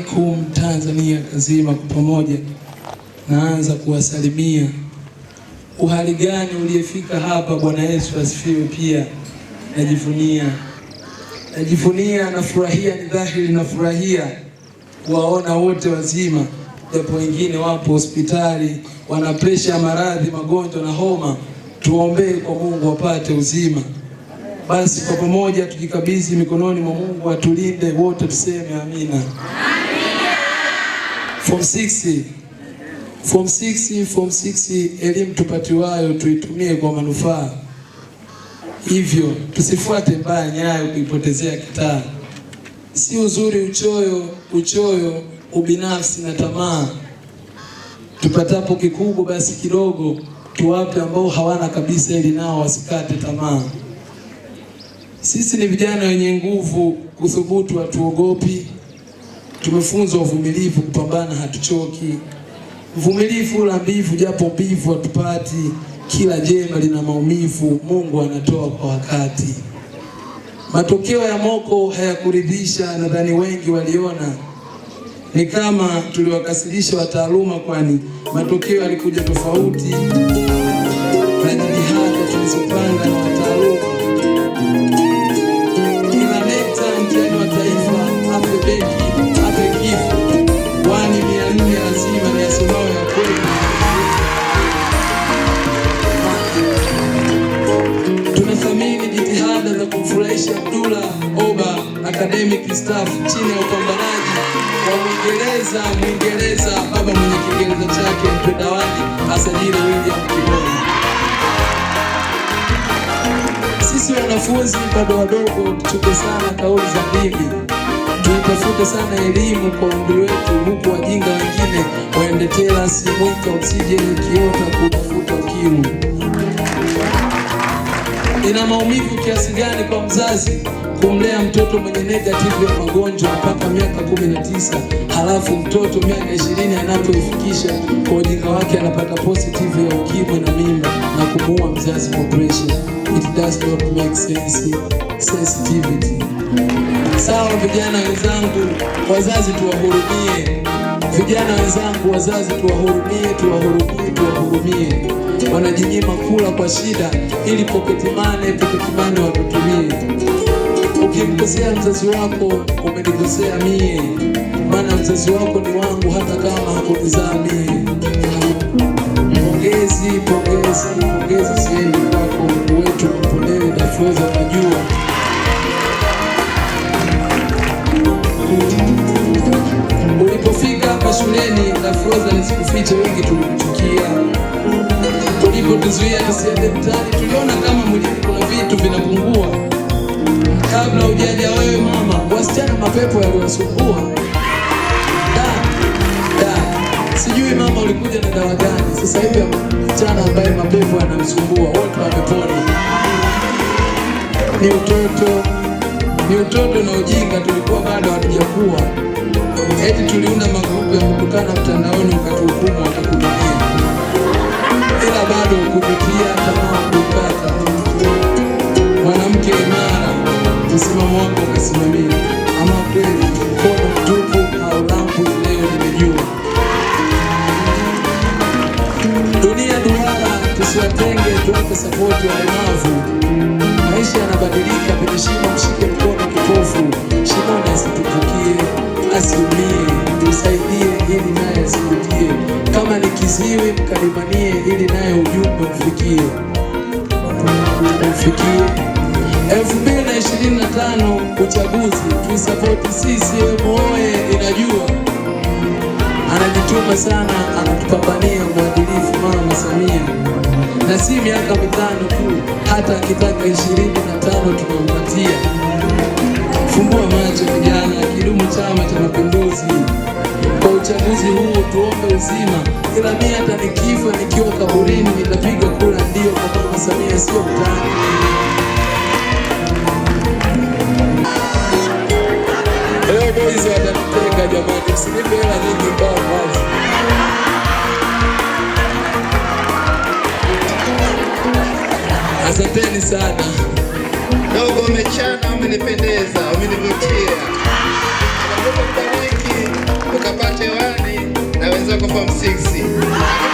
Kum Tanzania nzima kwa pamoja, naanza kuwasalimia. Uhali gani uliyefika hapa? Bwana Yesu asifiwe. Pia najivunia, najivunia, nafurahia, ni dhahiri nafurahia kuwaona wote wazima, japo wengine wapo hospitali, wana presha, maradhi, magonjwa na homa. Tuombee kwa Mungu wapate uzima. Basi kwa pamoja tujikabidhi mikononi mwa Mungu atulinde wote, tuseme amina form 6 form 6 form 6, elimu tupatiwayo tuitumie kwa manufaa, hivyo tusifuate mbaya nyayo kuipotezea kitaa. Si uzuri uchoyo, uchoyo, ubinafsi na tamaa. Tupatapo kikubwa basi kidogo tuwape ambao hawana kabisa, ili nao wasikate tamaa. Sisi ni vijana wenye nguvu, kuthubutu, hatuogopi tumefunzwa uvumilivu, kupambana, hatuchoki, mvumilivu la mbivu, japo mbivu hatupati, kila jema lina maumivu, Mungu anatoa kwa wakati. Matokeo ya moko hayakuridhisha, nadhani wengi waliona ni kama tuliwakasilisha wataaluma, kwani matokeo yalikuja tofauti na jitihada tulizopanga. tumethamini jitihada za kumfurahisha Abdula Oba academic staff chini ya upambanaji wa Mwingereza Mwingereza baba mwenye Kiingereza chake mpendawani Asadira William Kibona. Sisi wanafunzi bado wadogo, tuchuke sana kauli za dini, tuitafute sana elimu kwa umri wetu, huku wajinga wengine waendetela terasi, mwika, usije kiota kutafuta kimu Ina maumivu kiasi gani kwa mzazi kumlea mtoto mwenye negative ya magonjwa mpaka miaka 19, halafu mtoto miaka 20 anapoifikisha kwa ujinga wake anapata positive ya ukimwi na mimba na kumuua mzazi kwa pressure. It does not make sense. Sensitivity. Sawa, vijana wenzangu, wazazi tuwahurumie. Vijana wenzangu, wazazi, tuwahurumie, tuwahurumie, tuwahurumie. Wanajinyima kula kwa shida ili pocket money, pocket wakutumie. Ukimkosea mzazi wako umenikosea mie, maana mzazi wako ni wangu hata kama hakunizaa mie. Pongezi, pongezi, pongezi sehemu kwako wetu Mpondewe Dafroza Majuu Frozen sikuficha, wengi tulikuchukia, tulipotuzuia tusiende mtaani, tuliona kama mwilini kuna vitu vinapungua. Kabla ujaja wewe mama, wasichana mapepo yaliwasumbua. sijui mama ulikuja na dawa gani? Sasa hivi mchana ambaye mapepo yanamsumbua wote wamepona. Ni utoto, ni utoto na ujinga, tulikuwa bado hatujakuwa eti tuliunda magrupu ya kukutana mtandaoni wakati hukumu ila bado kupitia tamaa kuipata. Mwanamke imara, msimamo wako ukasimamia. Ama kweli mkono mtupu au leo nimejua. Dunia duara, tusiwatenge, tuwape sapoti walemavu. Maisha yanabadilika, penye shimo mshike mkono. msiwe mkalimanie, ili naye ujumbe ishirini na tano uchaguzi, tuisapoti CCM oye! Inajua anajituma sana, anatupambania mwadilifu Mama Samia, na si miaka mitano tu, hata akitaka 25 tunampatia. Fungua Chama cha Mapinduzi. Kwa uchaguzi huu tuombe uzima. Samia, hata nikifa nikiwa kaburini, nitapiga kura ndio kwa Mama Samia, sio mtani. Leo boys wataniteka jamani, msinipe hela nyingi mbao mazi Asanteni sana. Dogo umechana, umenipendeza, umenivutia. Mega Pump